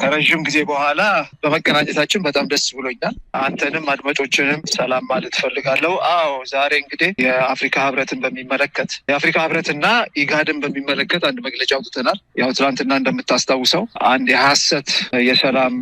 ከረዥም ጊዜ በኋላ በመገናኘታችን በጣም ደስ ብሎኛል። አንተንም አድማጮችንም ሰላም ማለት ፈልጋለሁ። አዎ ዛሬ እንግዲህ የአፍሪካ ህብረትን በሚመለከት የአፍሪካ ህብረትና ኢጋድን በሚመለከት አንድ መግለጫ አውጥተናል። ያው ትናንትና እንደምታስታውሰው አንድ የሀሰት የሰላም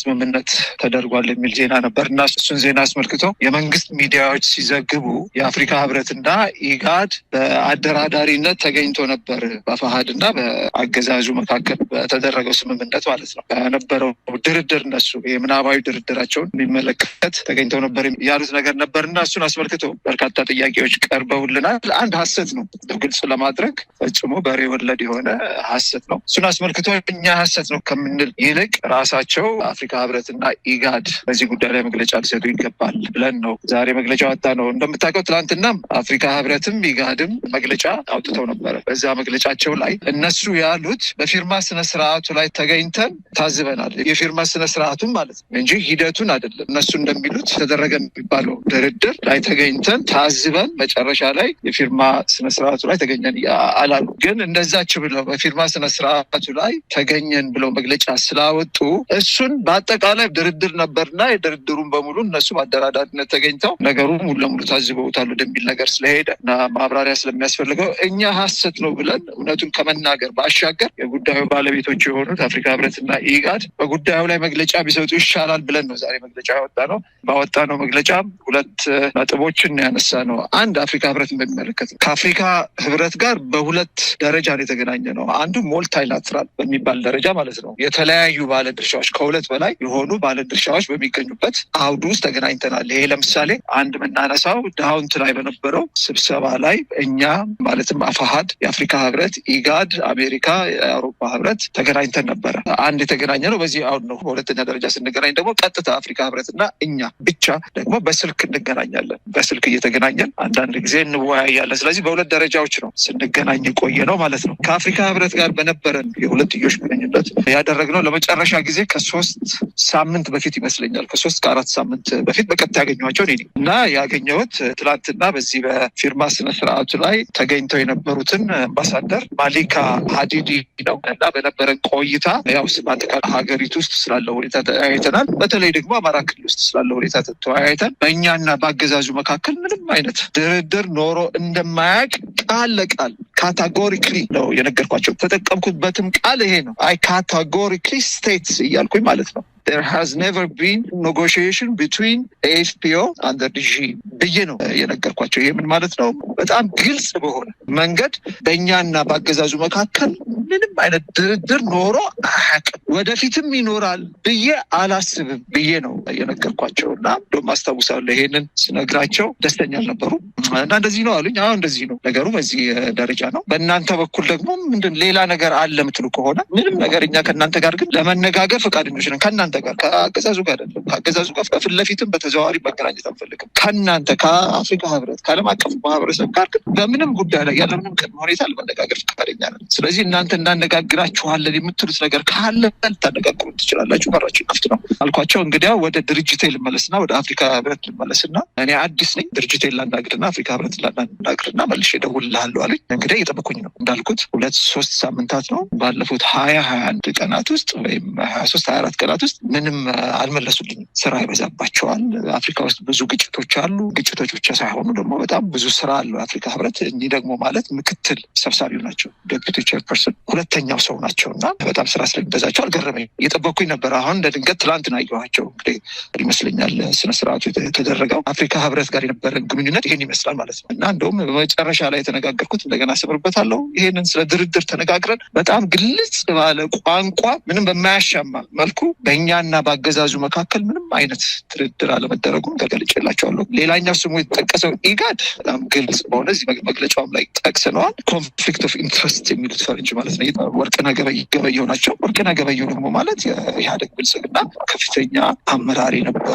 ስምምነት ተደርጓል የሚል ዜና ነበር እና እሱን ዜና አስመልክቶ የመንግስት ሚዲያዎች ሲዘግቡ የአፍሪካ ህብረትና ኢጋድ በአደራዳሪነት ተገኝቶ ነበር በፈሀድ እና በአገዛዙ መካከል በተደረገው ስምምነት ማለት ነው። ነበረው ድርድር እነሱ የምናባዊ ድርድራቸውን የሚመለከት ተገኝተው ነበር ያሉት ነገር ነበር እና እሱን አስመልክቶ በርካታ ጥያቄዎች ቀርበውልናል። አንድ ሀሰት ነው፣ ግልጽ ለማድረግ ፈጽሞ በሬ ወለድ የሆነ ሀሰት ነው። እሱን አስመልክቶ እኛ ሀሰት ነው ከምንል ይልቅ ራሳቸው አፍሪካ ህብረትና ኢጋድ በዚህ ጉዳይ ላይ መግለጫ ሊሰጡ ይገባል ብለን ነው ዛሬ መግለጫ ወጣ ነው። እንደምታውቀው ትላንትናም አፍሪካ ህብረትም ኢጋድም መግለጫ አውጥተው ነበረ። በዛ መግለጫቸው ላይ እነሱ ያሉት በፊርማ ስነስርዓቱ ላይ ተገኝተን ታዝበናል። የፊርማ ስነ ስርዓቱን ማለት ነው እንጂ ሂደቱን አይደለም። እነሱ እንደሚሉት ተደረገ የሚባለው ድርድር ላይ ተገኝተን ታዝበን መጨረሻ ላይ የፊርማ ስነስርዓቱ ላይ ተገኘን አላሉ። ግን እንደዛች ብለው በፊርማ ስነ ስርዓቱ ላይ ተገኘን ብለው መግለጫ ስላወጡ እሱን በአጠቃላይ ድርድር ነበርና የድርድሩን በሙሉ እነሱ በአደራዳሪነት ተገኝተው ነገሩ ሙሉ ለሙሉ ታዝበውታል ወደሚል ነገር ስለሄደ እና ማብራሪያ ስለሚያስፈልገው እኛ ሀሰት ነው ብለን እውነቱን ከመናገር ባሻገር የጉዳዩ ባለቤቶች የሆኑት አፍሪካ ህብረትና ኢጋድ በጉዳዩ ላይ መግለጫ ቢሰጡ ይሻላል ብለን ነው ዛሬ መግለጫ ያወጣ ነው። ባወጣ ነው መግለጫ ሁለት ነጥቦችን ያነሳ ነው። አንድ አፍሪካ ህብረት በሚመለከት ከአፍሪካ ህብረት ጋር በሁለት ደረጃ ነው የተገናኘ ነው። አንዱ ሞልታይላትራል በሚባል ደረጃ ማለት ነው። የተለያዩ ባለ ድርሻዎች ከሁለት በላይ የሆኑ ባለ ድርሻዎች በሚገኙበት አውዱ ውስጥ ተገናኝተናል። ይሄ ለምሳሌ አንድ የምናነሳው ዳውንት ላይ በነበረው ስብሰባ ላይ እኛ ማለትም አፋሀድ፣ የአፍሪካ ህብረት፣ ኢጋድ፣ አሜሪካ፣ የአውሮፓ ህብረት ተገናኝተን ነበረ አንድ የተገናኘ ነው። በዚህ አሁን ነው። በሁለተኛ ደረጃ ስንገናኝ ደግሞ ቀጥታ አፍሪካ ህብረትና እኛ ብቻ ደግሞ በስልክ እንገናኛለን። በስልክ እየተገናኘን አንዳንድ ጊዜ እንወያያለን። ስለዚህ በሁለት ደረጃዎች ነው ስንገናኝ ቆየ ነው ማለት ነው። ከአፍሪካ ህብረት ጋር በነበረን የሁለትዮሽ ግንኙነት ያደረግነው ለመጨረሻ ጊዜ ከሶስት ሳምንት በፊት ይመስለኛል። ከሶስት ከአራት ሳምንት በፊት በቀጥታ ያገኘኋቸው እኔ እና ያገኘሁት ትላንትና በዚህ በፊርማ ስነስርዓቱ ላይ ተገኝተው የነበሩትን አምባሳደር ማሊካ ሀዲዲ ነው እና በነበረን ቆይታ ያው አጠቃላይ ሀገሪቱ ውስጥ ስላለው ሁኔታ ተያይተናል። በተለይ ደግሞ አማራ ክልል ውስጥ ስላለው ሁኔታ ተወያይተን በእኛና በአገዛዙ መካከል ምንም አይነት ድርድር ኖሮ እንደማያውቅ ቃል ለቃል ካታጎሪክሊ ነው የነገርኳቸው። ተጠቀምኩበትም ቃል ይሄ ነው። አይ ካታጎሪክሊ ስቴትስ እያልኩኝ ማለት ነው። there has never been negotiation between AFPO and the ብዬ ነው የነገርኳቸው። ይሄ ምን ማለት ነው? በጣም ግልጽ በሆነ መንገድ በእኛና በአገዛዙ መካከል ምንም አይነት ድርድር ኖሮ አያውቅም፣ ወደፊትም ይኖራል ብዬ አላስብም ብዬ ነው የነገርኳቸው እና እንደውም አስታውሳለሁ ይሄንን ስነግራቸው ደስተኛ አልነበሩ እና እንደዚህ ነው አሉኝ። አሁ እንደዚህ ነው ነገሩ፣ በዚህ ደረጃ ነው። በእናንተ በኩል ደግሞ ምንድን ሌላ ነገር አለ ምትሉ ከሆነ ምንም ነገር እኛ ከእናንተ ጋር ግን ለመነጋገር ፈቃደኞች ነን ከእናንተ ከእናንተ ጋር ከአገዛዙ ጋር አይደለም። ከአገዛዙ ጋር ፊት ለፊትም በተዘዋዋሪ መገናኘት አንፈልግም። ከእናንተ ከአፍሪካ ህብረት፣ ከዓለም አቀፍ ማህበረሰብ ጋር ግን በምንም ጉዳይ ላይ ያለምንም ቅድመ ሁኔታ ለመነጋገር ፈቃደኛ ነን። ስለዚህ እናንተ እናነጋግራችኋለን የምትሉት ነገር ካለ ልታነጋግሩ ትችላላችሁ። በራችን ክፍት ነው አልኳቸው። እንግዲያ ወደ ድርጅቴ ልመለስና ወደ አፍሪካ ህብረት ልመለስና እኔ አዲስ ነኝ ድርጅቴን ላናግርና አፍሪካ ህብረት ላናግርና መልሼ እደውልልሃለሁ አሉኝ። እንግዲህ እየጠበኩኝ ነው እንዳልኩት ሁለት ሶስት ሳምንታት ነው ባለፉት ሀያ ሀያ አንድ ቀናት ውስጥ ወይም ሀያ ሶስት ሀያ አራት ቀናት ውስጥ ምንም አልመለሱልኝም። ስራ ይበዛባቸዋል። አፍሪካ ውስጥ ብዙ ግጭቶች አሉ። ግጭቶች ብቻ ሳይሆኑ ደግሞ በጣም ብዙ ስራ አለው የአፍሪካ ህብረት። እኚህ ደግሞ ማለት ምክትል ሰብሳቢው ናቸው፣ ዴፒቲ ቼርፐርሰን ሁለተኛው ሰው ናቸው እና በጣም ስራ ስለሚበዛቸው አልገረመኝም። እየጠበኩኝ ነበር። አሁን እንደ ድንገት ትላንትና እንግዲህ ይመስለኛል ስነስርዓቱ የተደረገው አፍሪካ ህብረት ጋር የነበረን ግንኙነት ይሄን ይመስላል ማለት ነው እና እንደውም በመጨረሻ ላይ የተነጋገርኩት እንደገና አስምርበታለሁ። ይሄንን ስለ ድርድር ተነጋግረን በጣም ግልጽ ባለ ቋንቋ ምንም በማያሻማ መልኩ በእኛ በእኛና በአገዛዙ መካከል ምንም አይነት ድርድር አለመደረጉም ተገልጬላቸዋለሁ። ሌላኛው ስሙ የተጠቀሰው ኢጋድ በጣም ግልጽ በሆነ እዚህ መግለጫውም ላይ ጠቅስነዋል። ኮንፍሊክት ኦፍ ኢንትረስት የሚሉት ፈረንጅ ማለት ነው ወርቅነህ ገበየው ናቸው። ወርቅና ገበየሁ ደግሞ ማለት የኢህአደግ ብልጽግና ከፍተኛ አመራር የነበሩ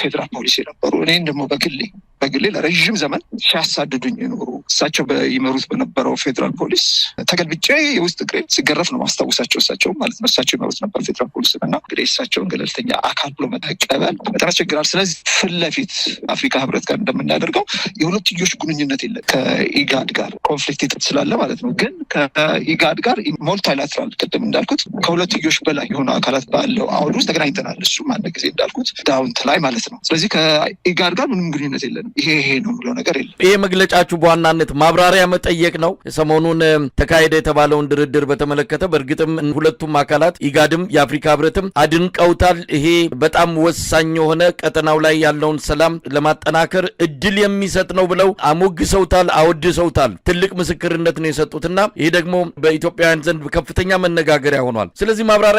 ፌዴራል ፖሊስ የነበሩ እኔን ደግሞ በግሌ በግሌ ለረዥም ዘመን ሲያሳድዱኝ የኖሩ እሳቸው ይመሩት በነበረው ፌዴራል ፖሊስ ተገልብጬ የውስጥ እግሬን ሲገረፍ ነው ማስታወሳቸው። እሳቸው ማለት ነው። እሳቸው ይመሩት ነበር ፌዴራል ፖሊስ እና እንግዲህ እሳቸውን ገለልተኛ አካል ብሎ መቀበል በጣም ያስቸግራል። ስለዚህ ፊት ለፊት አፍሪካ ህብረት ጋር እንደምናደርገው የሁለትዮሽ ግንኙነት የለ ከኢጋድ ጋር ኮንፍሊክት ስላለ ማለት ነው። ግን ከኢጋድ ጋር ሞልታይላትራል ቅድም እንዳልኩት ከሁለትዮሽ በላይ የሆኑ አካላት ባለው አውድ ውስጥ ተገናኝተናል። እሱም አንድ ጊዜ እንዳልኩት ዳውንት ላይ ማለት ነው። ስለዚህ ከኢጋድ ጋር ምንም ግንኙነት የለንም። ይሄ ይሄ ነው የምለው ነገር የለም። ይሄ መግለጫችሁ በዋናነት ማብራሪያ መጠየቅ ነው። ሰሞኑን ተካሄደ የተባለውን ድርድር በተመለከተ በእርግጥም ሁለቱም አካላት ኢጋድም የአፍሪካ ህብረትም አድንቀውታል። ይሄ በጣም ወሳኝ የሆነ ቀጠናው ላይ ያለውን ሰላም ለማጠናከር እድል የሚሰጥ ነው ብለው አሞግሰውታል፣ አወድሰውታል። ትልቅ ምስክርነት ነው የሰጡትና ይሄ ደግሞ በኢትዮጵያውያን ዘንድ ከፍተኛ መነጋገሪያ ሆኗል። ስለዚህ ማብራሪያ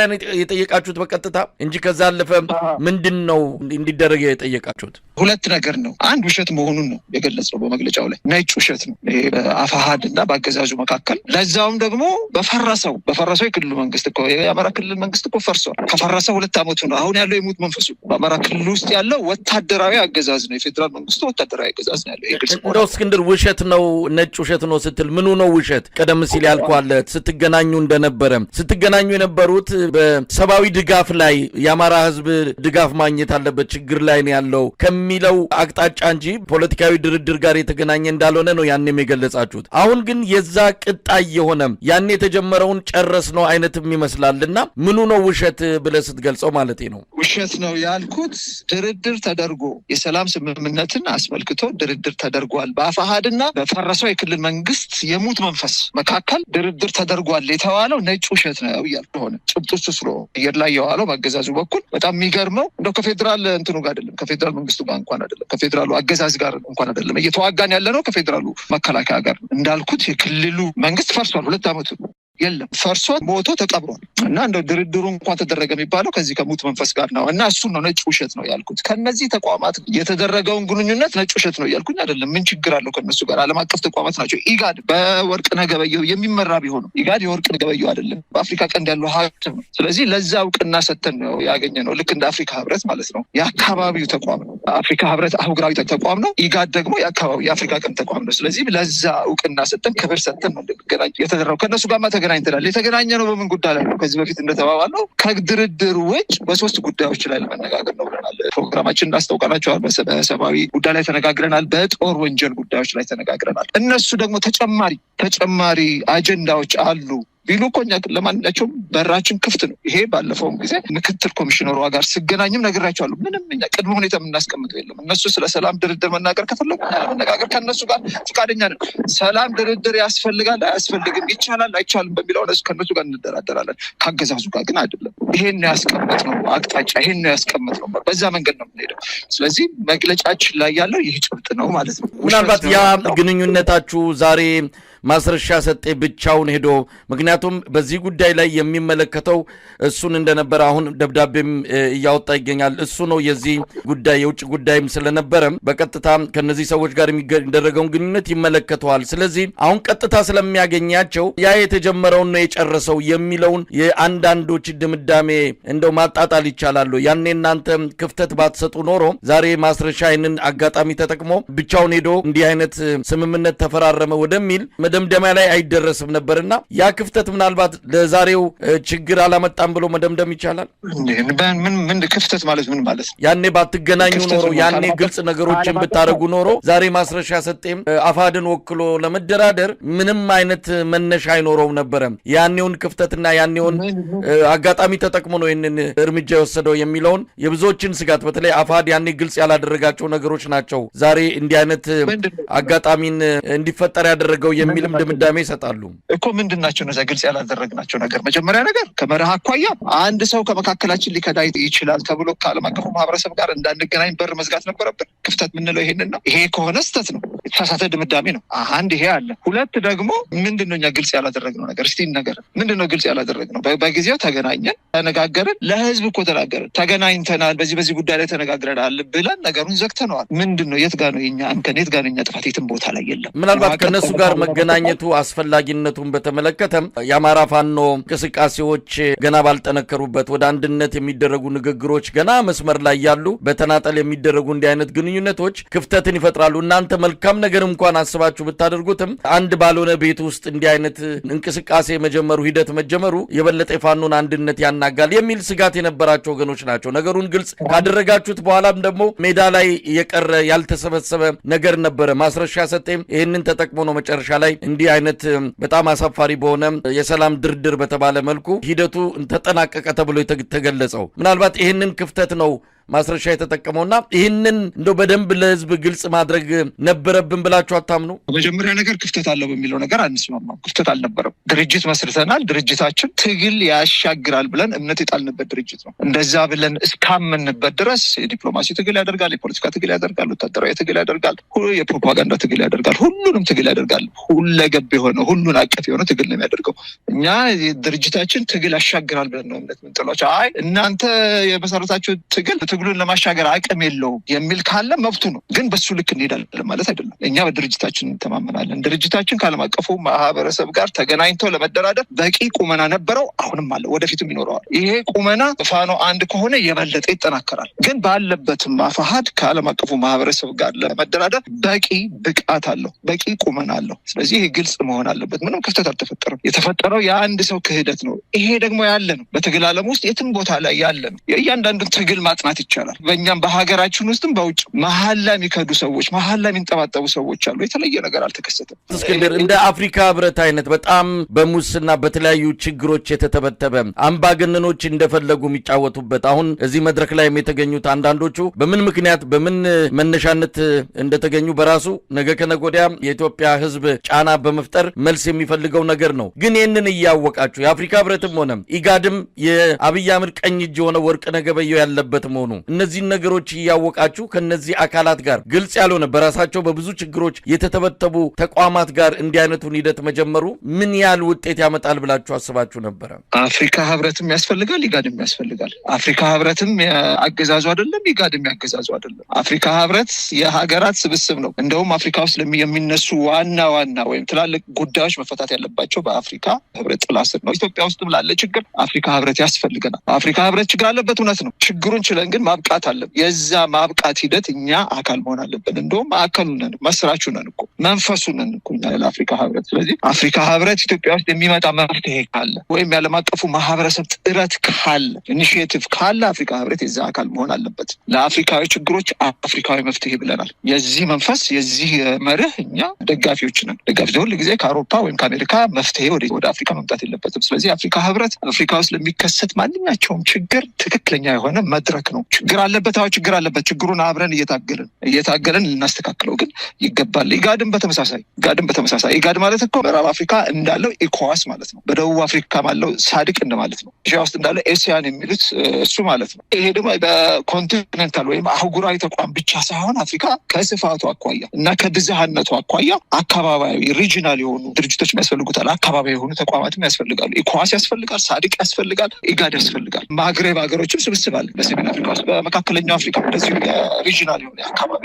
የጠየቃችሁት በቀጥታ እንጂ ከዛ አለፈ ምንድን ነው እንዲደረግ የጠየቃችሁት? ሁለት ነገር ነው። አንድ ውሸት መሆኑን ነው የገለጸው በመግለጫው ላይ ነጭ ውሸት ነው ይሄ በአፋሀድ እና በአገዛዙ መካከል ለዛውም ደግሞ በፈረሰው በፈረሰው የክልሉ መንግስት እኮ የአማራ ክልል መንግስት እኮ ፈርሷል። ከፈረሰ ሁለት ዓመቱ ነው። አሁን ያለው የሙት መንፈሱ በአማራ ክልል ውስጥ ያለው ወታደራዊ አገዛዝ ነው። የፌዴራል መንግስቱ ወታደራዊ አገዛዝ ነው ያለው። እንደው እስክንድር ውሸት ነው ነጭ ውሸት ነው ስትል ምኑ ነው ውሸት? ቀደም ሲል ያልኳለ ስትገናኙ እንደነበረ ስትገናኙ የነበሩት በሰብአዊ ድጋፍ ላይ የአማራ ህዝብ ድጋፍ ማግኘት አለበት ችግር ላይ ነው ያለው የሚለው አቅጣጫ እንጂ ፖለቲካዊ ድርድር ጋር የተገናኘ እንዳልሆነ ነው ያኔም የገለጻችሁት። አሁን ግን የዛ ቅጣይ የሆነም ያኔ የተጀመረውን ጨረስ ነው አይነትም ይመስላል ይመስላልና ምኑ ነው ውሸት ብለህ ስትገልጸው ማለት ነው? ውሸት ነው ያልኩት ድርድር ተደርጎ የሰላም ስምምነትን አስመልክቶ ድርድር ተደርጓል። በአፋሃድና በፈረሰው የክልል መንግስት የሙት መንፈስ መካከል ድርድር ተደርጓል የተባለው ነጭ ውሸት ነው ያልሆነ ጭብጡ ስሎ አየር ላይ የዋለው መገዛዙ በኩል በጣም የሚገርመው እንደው ከፌዴራል እንትኑ ጋር አይደለም ከፌዴራል መንግስቱ ጋር እንኳን አይደለም ከፌዴራሉ አገዛዝ ጋር እንኳን አይደለም እየተዋጋን ያለ ነው ከፌዴራሉ መከላከያ ጋር እንዳልኩት የክልሉ መንግስት ፈርሷል። ሁለት ዓመቱ የለም ፈርሷል፣ ሞቶ ተቀብሯል። እና እንደ ድርድሩ እንኳን ተደረገ የሚባለው ከዚህ ከሙት መንፈስ ጋር ነው እና እሱን ነው ነጭ ውሸት ነው ያልኩት። ከነዚህ ተቋማት የተደረገውን ግንኙነት ነጭ ውሸት ነው ያልኩኝ አይደለም። ምን ችግር አለው ከነሱ ጋር? ዓለም አቀፍ ተቋማት ናቸው። ኢጋድ በወርቅነህ ገበየሁ የሚመራ ቢሆንም ኢጋድ የወርቅነህ ገበየሁ አይደለም፣ በአፍሪካ ቀንድ ያለው ሀብት ነው። ስለዚህ ለዛ እውቅና ሰተን ነው ያገኘ ነው። ልክ እንደ አፍሪካ ህብረት ማለት ነው። የአካባቢው ተቋም ነው። አፍሪካ ህብረት አህጉራዊ ተቋም ነው። ኢጋድ ደግሞ የአካባቢ የአፍሪካ ቀንድ ተቋም ነው። ስለዚህ ለዛ እውቅና ሰተን ክብር ሰተን ነው የተደረገው። ከእነሱ ጋርማ ተገናኝተናል። የተገናኘ ነው በምን ጉዳይ ላይ ነው ከዚህ በፊት ነው ከድርድር ውጭ በሶስት ጉዳዮች ላይ ለመነጋገር ነው ብለናል። ፕሮግራማችን እናስታውቀናቸዋል። በሰብአዊ ጉዳይ ላይ ተነጋግረናል። በጦር ወንጀል ጉዳዮች ላይ ተነጋግረናል። እነሱ ደግሞ ተጨማሪ ተጨማሪ አጀንዳዎች አሉ ቢሉ እኮ እኛ ለማንኛቸውም በራችን ክፍት ነው። ይሄ ባለፈውም ጊዜ ምክትል ኮሚሽነሯ ጋር ስገናኝም ነግራቸዋለሁ። ምንም እኛ ቅድመ ሁኔታ የምናስቀምጠው የለም። እነሱ ስለ ሰላም ድርድር መናገር ከፈለጉ መነጋገር ከነሱ ጋር ፈቃደኛ ነን። ሰላም ድርድር ያስፈልጋል አያስፈልግም፣ ይቻላል አይቻልም በሚለው እነሱ ከእነሱ ጋር እንደራደራለን። ካገዛዙ ጋር ግን አይደለም። ይሄን ነው ያስቀምጥ ነው አቅጣጫ፣ ይሄን ነው ያስቀምጥ ነው። በዛ መንገድ ነው የምንሄደው። ስለዚህ መግለጫችን ላይ ያለው ይህ ጭብጥ ነው ማለት ነው። ምናልባት ያ ግንኙነታችሁ ዛሬ ማስረሻ ሰጤ ብቻውን ሄዶ ምክንያቱም በዚህ ጉዳይ ላይ የሚመለከተው እሱን እንደነበረ አሁን ደብዳቤም እያወጣ ይገኛል። እሱ ነው የዚህ ጉዳይ የውጭ ጉዳይም ስለነበረ በቀጥታ ከነዚህ ሰዎች ጋር የሚደረገውን ግንኙነት ይመለከተዋል። ስለዚህ አሁን ቀጥታ ስለሚያገኛቸው ያ የተጀመረውን ነው የጨረሰው የሚለውን የአንዳንዶች ድምዳሜ እንደው ማጣጣል ይቻላሉ። ያኔ እናንተ ክፍተት ባትሰጡ ኖሮ ዛሬ ማስረሻ ይህንን አጋጣሚ ተጠቅሞ ብቻውን ሄዶ እንዲህ አይነት ስምምነት ተፈራረመ ወደሚል መደምደሚያ ላይ አይደረስም ነበርና ያ ክፍተት ምናልባት ለዛሬው ችግር አላመጣም ብሎ መደምደም ይቻላል። ክፍተት ማለት ምን ማለት ነው? ያኔ ባትገናኙ ኖሮ ያኔ ግልጽ ነገሮችን ብታደረጉ ኖሮ ዛሬ ማስረሻ ሰጤም አፋድን ወክሎ ለመደራደር ምንም አይነት መነሻ አይኖረውም ነበረም። ያኔውን ክፍተትና ያኔውን አጋጣሚ ተጠቅሞ ነው ይህንን እርምጃ የወሰደው የሚለውን የብዙዎችን ስጋት በተለይ አፋድ ያኔ ግልጽ ያላደረጋቸው ነገሮች ናቸው ዛሬ እንዲህ አይነት አጋጣሚን እንዲፈጠር ያደረገው የሚ የሚልም ድምዳሜ ይሰጣሉ እኮ። ምንድን ናቸው እነዚያ ግልጽ ያላደረግናቸው ነገር? መጀመሪያ ነገር ከመርህ አኳያ አንድ ሰው ከመካከላችን ሊከዳ ይችላል ተብሎ ከአለም አቀፉ ማህበረሰብ ጋር እንዳንገናኝ በር መዝጋት ነበረብን። ክፍተት የምንለው ይሄንን ነው። ይሄ ከሆነ ስተት ነው፣ የተሳሳተ ድምዳሜ ነው። አንድ ይሄ አለ። ሁለት ደግሞ ምንድን ነው እኛ ግልጽ ያላደረግነው ነገር? እስቲ ነገር ምንድን ነው ግልጽ ያላደረግነው? በጊዜው ተገናኘን፣ ተነጋገርን፣ ለህዝብ እኮ ተናገርን። ተገናኝተናል፣ በዚህ በዚህ ጉዳይ ላይ ተነጋግረናል ብለን ነገሩን ዘግተነዋል። ምንድነው ነው የት ጋ ነው የኛ እንከን? የት ጋ ነው የኛ ጥፋት? የትም ቦታ ላይ የለም። ምናልባት ከእነሱ ጋር መገ መገናኘቱ አስፈላጊነቱን በተመለከተ የአማራ ፋኖ እንቅስቃሴዎች ገና ባልጠነከሩበት ወደ አንድነት የሚደረጉ ንግግሮች ገና መስመር ላይ ያሉ በተናጠል የሚደረጉ እንዲህ አይነት ግንኙነቶች ክፍተትን ይፈጥራሉ። እናንተ መልካም ነገር እንኳን አስባችሁ ብታደርጉትም አንድ ባልሆነ ቤት ውስጥ እንዲህ አይነት እንቅስቃሴ መጀመሩ ሂደት መጀመሩ የበለጠ የፋኖን አንድነት ያናጋል የሚል ስጋት የነበራቸው ወገኖች ናቸው። ነገሩን ግልጽ ካደረጋችሁት በኋላም ደግሞ ሜዳ ላይ የቀረ ያልተሰበሰበ ነገር ነበረ። ማስረሻ ሰጤም ይህንን ተጠቅሞ ነው መጨረሻ ላይ እንዲህ አይነት በጣም አሳፋሪ በሆነ የሰላም ድርድር በተባለ መልኩ ሂደቱ ተጠናቀቀ ተብሎ የተገለጸው ምናልባት ይህንን ክፍተት ነው ማስረሻ የተጠቀመውና ይህንን እንደው በደንብ ለህዝብ ግልጽ ማድረግ ነበረብን ብላችሁ አታምኑ? መጀመሪያ ነገር ክፍተት አለው በሚለው ነገር አንስማማም። ክፍተት አልነበረም። ድርጅት መስርተናል። ድርጅታችን ትግል ያሻግራል ብለን እምነት የጣልንበት ድርጅት ነው። እንደዛ ብለን እስካመንበት ድረስ የዲፕሎማሲ ትግል ያደርጋል፣ የፖለቲካ ትግል ያደርጋል፣ ወታደራዊ ትግል ያደርጋል፣ የፕሮፓጋንዳ ትግል ያደርጋል፣ ሁሉንም ትግል ያደርጋል። ሁለገብ የሆነ ሁሉን አቀፍ የሆነ ትግል ነው የሚያደርገው። እኛ ድርጅታችን ትግል ያሻግራል ብለን ነው እምነት ምንጥሏቸው። አይ እናንተ የመሰረታችሁ ትግል ትግሉን ለማሻገር አቅም የለውም የሚል ካለ መብቱ ነው። ግን በሱ ልክ እንሄዳለን ማለት አይደለም። እኛ በድርጅታችን እንተማመናለን። ድርጅታችን ከዓለም አቀፉ ማህበረሰብ ጋር ተገናኝቶ ለመደራደር በቂ ቁመና ነበረው፣ አሁንም አለ፣ ወደፊትም ይኖረዋል። ይሄ ቁመና ፋኖ አንድ ከሆነ የበለጠ ይጠናከራል። ግን ባለበትም አፋሀድ ከዓለም አቀፉ ማህበረሰብ ጋር ለመደራደር በቂ ብቃት አለው፣ በቂ ቁመና አለው። ስለዚህ ይሄ ግልጽ መሆን አለበት። ምንም ክፍተት አልተፈጠረም። የተፈጠረው የአንድ ሰው ክህደት ነው። ይሄ ደግሞ ያለ ነው፣ በትግል ዓለም ውስጥ የትም ቦታ ላይ ያለ ነው። የእያንዳንዱን ትግል ማጥናት ይቻላል። በእኛም በሀገራችን ውስጥም በውጭ ላይ የሚከዱ ሰዎች፣ ላይ የሚንጠባጠቡ ሰዎች አሉ። የተለየ ነገር አልተከሰተም። እስክንድር፣ እንደ አፍሪካ ህብረት አይነት በጣም በሙስና በተለያዩ ችግሮች የተተበተበ አምባገነኖች እንደፈለጉ የሚጫወቱበት አሁን እዚህ መድረክ ላይም የተገኙት አንዳንዶቹ በምን ምክንያት በምን መነሻነት እንደተገኙ በራሱ ነገ ከነገ ወዲያ የኢትዮጵያ ህዝብ ጫና በመፍጠር መልስ የሚፈልገው ነገር ነው። ግን ይህንን እያወቃችሁ የአፍሪካ ህብረትም ሆነ ኢጋድም የአብይ አህመድ ቀኝ እጅ የሆነ ወርቅነህ ገበየሁ ያለበት መሆኑ እነዚህን ነገሮች እያወቃችሁ ከነዚህ አካላት ጋር ግልጽ ያልሆነ በራሳቸው በብዙ ችግሮች የተተበተቡ ተቋማት ጋር እንዲህ አይነቱን ሂደት መጀመሩ ምን ያህል ውጤት ያመጣል ብላችሁ አስባችሁ ነበረ? አፍሪካ ህብረትም ያስፈልጋል፣ ኢጋድም ያስፈልጋል። አፍሪካ ህብረትም አገዛዙ አይደለም፣ ኢጋድም ያገዛዙ አይደለም። አፍሪካ ህብረት የሀገራት ስብስብ ነው። እንደውም አፍሪካ ውስጥ የሚነሱ ዋና ዋና ወይም ትላልቅ ጉዳዮች መፈታት ያለባቸው በአፍሪካ ህብረት ጥላ ስር ነው። ኢትዮጵያ ውስጥም ላለ ችግር አፍሪካ ህብረት ያስፈልገናል። አፍሪካ ህብረት ችግር አለበት፣ እውነት ነው። ችግሩን ችለን ግን ማብቃት አለ። የዛ ማብቃት ሂደት እኛ አካል መሆን አለብን። እንደውም ማዕከሉ ነን፣ መስራቹ ነን እኮ መንፈሱ ነን እኮ እኛ ለአፍሪካ ህብረት። ስለዚህ አፍሪካ ህብረት ኢትዮጵያ ውስጥ የሚመጣ መፍትሄ ካለ ወይም ያለም አቀፉ ማህበረሰብ ጥረት ካለ ኢኒሽቲቭ ካለ አፍሪካ ህብረት የዛ አካል መሆን አለበት። ለአፍሪካዊ ችግሮች አፍሪካዊ መፍትሄ ብለናል። የዚህ መንፈስ የዚህ መርህ እኛ ደጋፊዎች ነን። ደጋፊ ሁል ጊዜ ከአውሮፓ ወይም ከአሜሪካ መፍትሄ ወደ አፍሪካ መምጣት የለበትም። ስለዚህ አፍሪካ ህብረት አፍሪካ ውስጥ ለሚከሰት ማንኛቸውም ችግር ትክክለኛ የሆነ መድረክ ነው። ችግር አለበት። አዎ ችግር አለበት። ችግሩን አብረን እየታገልን እየታገልን ልናስተካክለው ግን ይገባል። ኢጋድን በተመሳሳይ ኢጋድን በተመሳሳይ ኢጋድ ማለት እኮ ምዕራብ አፍሪካ እንዳለው ኢኮዋስ ማለት ነው። በደቡብ አፍሪካ ባለው ሳድቅ እንደማለት ነው። ኤዥያ ውስጥ እንዳለው ኤሲያን የሚሉት እሱ ማለት ነው። ይሄ ደግሞ በኮንቲኔንታል ወይም አህጉራዊ ተቋም ብቻ ሳይሆን አፍሪካ ከስፋቱ አኳያ እና ከብዝሃነቱ አኳያ አካባቢያዊ ሪጂናል የሆኑ ድርጅቶች ያስፈልጉታል። አካባቢ የሆኑ ተቋማትም ያስፈልጋሉ። ኢኮዋስ ያስፈልጋል፣ ሳድቅ ያስፈልጋል፣ ኢጋድ ያስፈልጋል። ማግሬብ ሀገሮችም ስብስብ አለ በሰሜን አፍሪካ ውስጥ በመካከለኛው አፍሪካ እንደዚሁ የሪጂናል የሆነ አካባቢ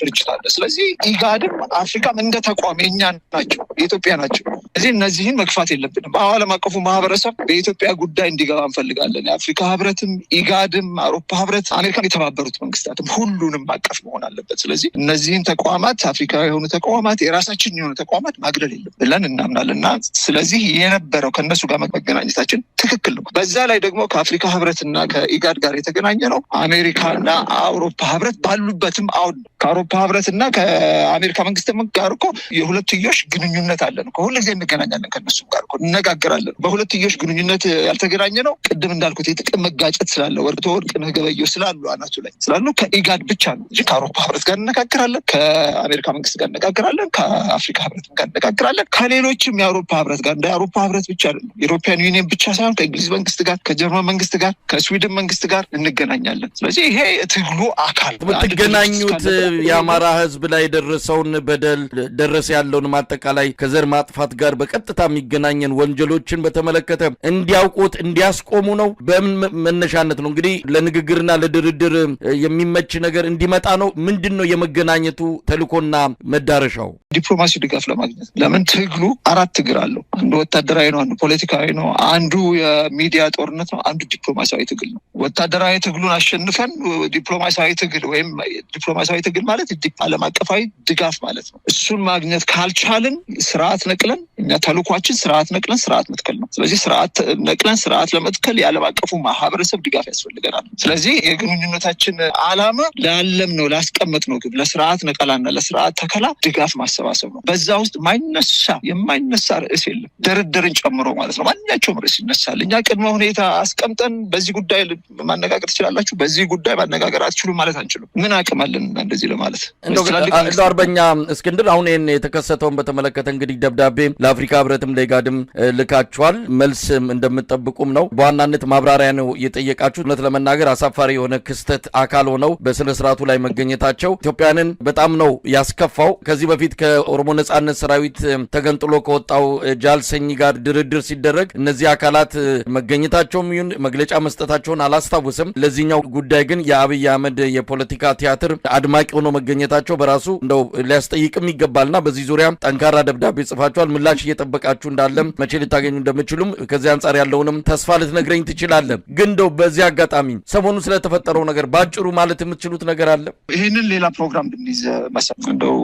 ድርጅት አለ። ስለዚህ ኢጋድም አፍሪካም እንደ ተቋም የኛ ናቸው፣ የኢትዮጵያ ናቸው። እዚህ እነዚህን መግፋት የለብንም። አሁ አለም አቀፉ ማህበረሰብ በኢትዮጵያ ጉዳይ እንዲገባ እንፈልጋለን። የአፍሪካ ህብረትም፣ ኢጋድም፣ አውሮፓ ህብረት፣ አሜሪካ የተባበሩት መንግስታትም ሁሉንም አቀፍ መሆን አለበት። ስለዚህ እነዚህን ተቋማት አፍሪካ የሆኑ ተቋማት የራሳችን የሆኑ ተቋማት ማግደል የለም ብለን እናምናል እና ስለዚህ የነበረው ከእነሱ ጋር መገናኘታችን ትክክል ነው። በዛ ላይ ደግሞ ከአፍሪካ ህብረትና ከኢጋድ ጋር የተገናኘ ነው አሜሪካና አውሮፓ ህብረት ባሉበትም አሁን ከአውሮፓ ህብረት እና ከአሜሪካ መንግስት ጋር እኮ የሁለትዮሽ ግንኙነት አለን። ሁሉ ጊዜ እንገናኛለን፣ ከነሱ ጋር እኮ እነጋገራለን። በሁለትዮሽ ግንኙነት ያልተገናኘ ነው ቅድም እንዳልኩት የጥቅም መጋጨት ስላለ ወርቶ ወርቅ ገበየሁ ስላሉ አናቱ ላይ ስላሉ ከኢጋድ ብቻ ነው እ ከአውሮፓ ህብረት ጋር እነጋግራለን፣ ከአሜሪካ መንግስት ጋር እነጋግራለን፣ ከአፍሪካ ህብረት ጋር እነጋግራለን፣ ከሌሎችም የአውሮፓ ህብረት ጋር እንደ አውሮፓ ህብረት ብቻ አይደለም፣ ኢሮፒያን ዩኒየን ብቻ ሳይሆን ከእንግሊዝ መንግስት ጋር፣ ከጀርመን መንግስት ጋር፣ ከስዊድን መንግስት ጋር እንገናኛለን። እንችላለን። ስለዚህ ይሄ ትግሉ አካል የምትገናኙት የአማራ ህዝብ ላይ የደረሰውን በደል ደረሰ ያለውንም አጠቃላይ ከዘር ማጥፋት ጋር በቀጥታ የሚገናኘን ወንጀሎችን በተመለከተ እንዲያውቁት እንዲያስቆሙ ነው። በምን መነሻነት ነው እንግዲህ ለንግግርና ለድርድር የሚመች ነገር እንዲመጣ ነው? ምንድን ነው የመገናኘቱ ተልእኮና መዳረሻው? ዲፕሎማሲ ድጋፍ ለማግኘት ለምን ትግሉ አራት እግር አለው። አንዱ ወታደራዊ ነው፣ አንዱ ፖለቲካዊ ነው፣ አንዱ የሚዲያ ጦርነት ነው፣ አንዱ ዲፕሎማሲያዊ ትግል ነው። ወታደራዊ ትግሉን አሸንፈን ዲፕሎማሲያዊ ትግል ወይም ዲፕሎማሲያዊ ትግል ማለት አለም አቀፋዊ ድጋፍ ማለት ነው። እሱን ማግኘት ካልቻልን ስርዓት ነቅለን እኛ ተልኳችን ስርዓት ነቅለን ስርዓት መትከል ነው። ስለዚህ ስርዓት ነቅለን ስርዓት ለመትከል የዓለም አቀፉ ማህበረሰብ ድጋፍ ያስፈልገናል። ስለዚህ የግንኙነታችን አላማ ለአለም ነው ላስቀመጥ ነው ግብ ለስርዓት ነቀላና ለስርዓት ተከላ ድጋፍ ማሰባሰብ ነው። በዛ ውስጥ ማይነሳ የማይነሳ ርዕስ የለም ድርድርን ጨምሮ ማለት ነው። ማንኛቸውም ርዕስ ይነሳል። እኛ ቅድመ ሁኔታ አስቀምጠን በዚህ ጉዳይ ማነጋገር ትችላላችሁ በዚህ ጉዳይ ማነጋገር አትችሉም ማለት አንችሉም። ምን አቅም አለን እንደዚህ ለማለት። እንደ አርበኛ እስክንድር አሁን ይህን የተከሰተውን በተመለከተ እንግዲህ ደብዳቤ ለአፍሪካ ህብረትም ለኢጋድም ልካችኋል። መልስ እንደምጠብቁም ነው። በዋናነት ማብራሪያ ነው የጠየቃችሁ። እውነት ለመናገር አሳፋሪ የሆነ ክስተት አካል ሆነው በስነ ስርዓቱ ላይ መገኘታቸው ኢትዮጵያንን በጣም ነው ያስከፋው። ከዚህ በፊት ከኦሮሞ ነጻነት ሰራዊት ተገንጥሎ ከወጣው ጃልሰኝ ጋር ድርድር ሲደረግ እነዚህ አካላት መገኘታቸውም ይሁን መግለጫ መስጠታቸውን አላስታውስም። ለዚህኛው ጉዳይ ግን የአብይ አህመድ የፖለቲካ ቲያትር አድማቂ ሆኖ መገኘታቸው በራሱ እንደው ሊያስጠይቅም ይገባልና በዚህ ዙሪያ ጠንካራ ደብዳቤ ጽፋችኋል። ምላሽ እየጠበቃችሁ እንዳለም መቼ ልታገኙ እንደምችሉም ከዚህ አንጻር ያለውንም ተስፋ ልትነግረኝ ትችላለህ። ግን እንደው በዚህ አጋጣሚ ሰሞኑ ስለተፈጠረው ነገር በአጭሩ ማለት የምትችሉት ነገር አለ? ይህንን ሌላ ፕሮግራም ብንይዝ መሰለህ እንደው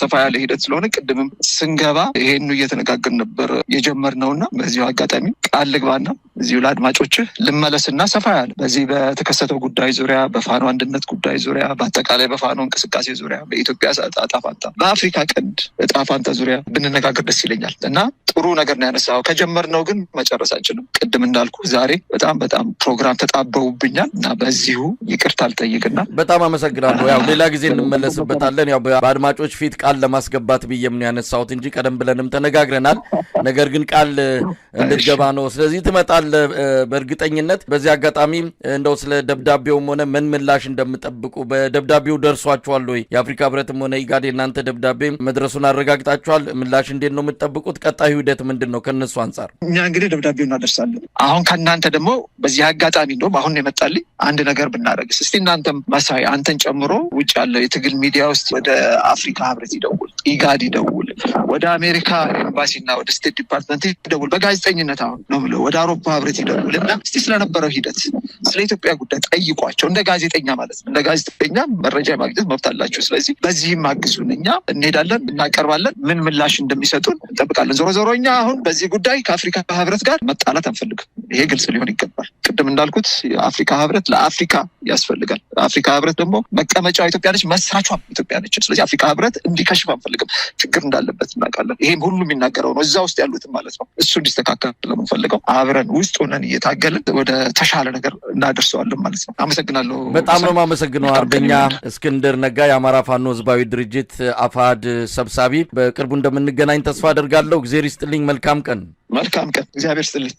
ሰፋ ያለ ሂደት ስለሆነ ቅድምም ስንገባ ይህኑ እየተነጋገር ነበር የጀመርነውና በዚሁ አጋጣሚ ቃል ልግባና እዚሁ ለአድማጮችህ ልመለስና ሰፋ ያለ በዚህ በተከሰተ በወታደር ጉዳይ ዙሪያ፣ በፋኖ አንድነት ጉዳይ ዙሪያ፣ በአጠቃላይ በፋኖ እንቅስቃሴ ዙሪያ፣ በኢትዮጵያ እጣ ፋንታ፣ በአፍሪካ ቀንድ እጣ ፋንታ ዙሪያ ብንነጋገር ደስ ይለኛል እና ጥሩ ነገር ነው ያነሳው። ከጀመርነው ግን መጨረስ አንችልም። ቅድም እንዳልኩ ዛሬ በጣም በጣም ፕሮግራም ተጣበቡብኛል እና በዚሁ ይቅርታ አልጠይቅና በጣም አመሰግናለሁ። ያው ሌላ ጊዜ እንመለስበታለን። ያው በአድማጮች ፊት ቃል ለማስገባት ብዬም ነው ያነሳሁት እንጂ ቀደም ብለንም ተነጋግረናል። ነገር ግን ቃል እንድትገባ ነው። ስለዚህ ትመጣለህ በእርግጠኝነት። በዚህ አጋጣሚ እንደው ስለ ደብዳቤውም ሆነ ምን ምላሽ እንደምጠብቁ በደብዳቤው ደርሷችኋል ወይ? የአፍሪካ ህብረትም ሆነ ኢጋድ የእናንተ ደብዳቤ መድረሱን አረጋግጣችኋል? ምላሽ እንዴት ነው የምጠብቁት? ቀጣዩ ሂደት ምንድን ነው? ከነሱ አንጻር እኛ እንግዲህ ደብዳቤው እናደርሳለን። አሁን ከእናንተ ደግሞ በዚህ አጋጣሚ እንደውም አሁን የመጣልኝ አንድ ነገር ብናደረግስ እስቲ እናንተም መሳይ፣ አንተን ጨምሮ ውጭ ያለው የትግል ሚዲያ ውስጥ ወደ አፍሪካ ህብረት ይደውል፣ ኢጋድ ይደውል፣ ወደ አሜሪካ ኤምባሲና ወደ ስቴት ዲፓርትመንት ይደውል፣ በጋዜጠኝነት አሁን ነው ብለው ወደ አውሮፓ ህብረት ይደውል እና እስቲ ስለነበረው ሂደት ስለ ኢትዮጵያ ጉዳይ ጠይቋቸው፣ እንደ ጋዜጠኛ ማለት ነው። እንደ ጋዜጠኛ መረጃ የማግኘት መብት አላቸው። ስለዚህ በዚህም አግዙን። እኛ እንሄዳለን፣ እናቀርባለን። ምን ምላሽ እንደሚሰጡን እንጠብቃለን። ዞሮ ዞሮ እኛ አሁን በዚህ ጉዳይ ከአፍሪካ ህብረት ጋር መጣላት አንፈልግም። ይሄ ግልጽ ሊሆን ይገባል። ቅድም እንዳልኩት የአፍሪካ ህብረት ለአፍሪካ ያስፈልጋል። አፍሪካ ህብረት ደግሞ መቀመጫዋ ኢትዮጵያ ነች፣ መስራቿም ኢትዮጵያ ነች። ስለዚህ አፍሪካ ህብረት እንዲከሽፍ አንፈልግም። ችግር እንዳለበት እናውቃለን። ይሄም ሁሉ የሚናገረው ነው፣ እዛ ውስጥ ያሉትን ማለት ነው። እሱ እንዲስተካከል ለምንፈልገው አብረን ውስጥ ሆነን እየታገልን ወደ ተሻለ ነገር እናደርሰዋለን ማለት ነው። አመሰግናለሁ። በጣም ነው የማመሰግነው አርበኛ እስክንድር ነጋ፣ የአማራ ፋኖ ህዝባዊ ድርጅት አፋድ ሰብሳቢ። በቅርቡ እንደምንገናኝ ተስፋ አደርጋለሁ። እግዜር ይስጥልኝ። መልካም ቀን። መልካም ቀን። እግዚአብሔር ይስጥልኝ።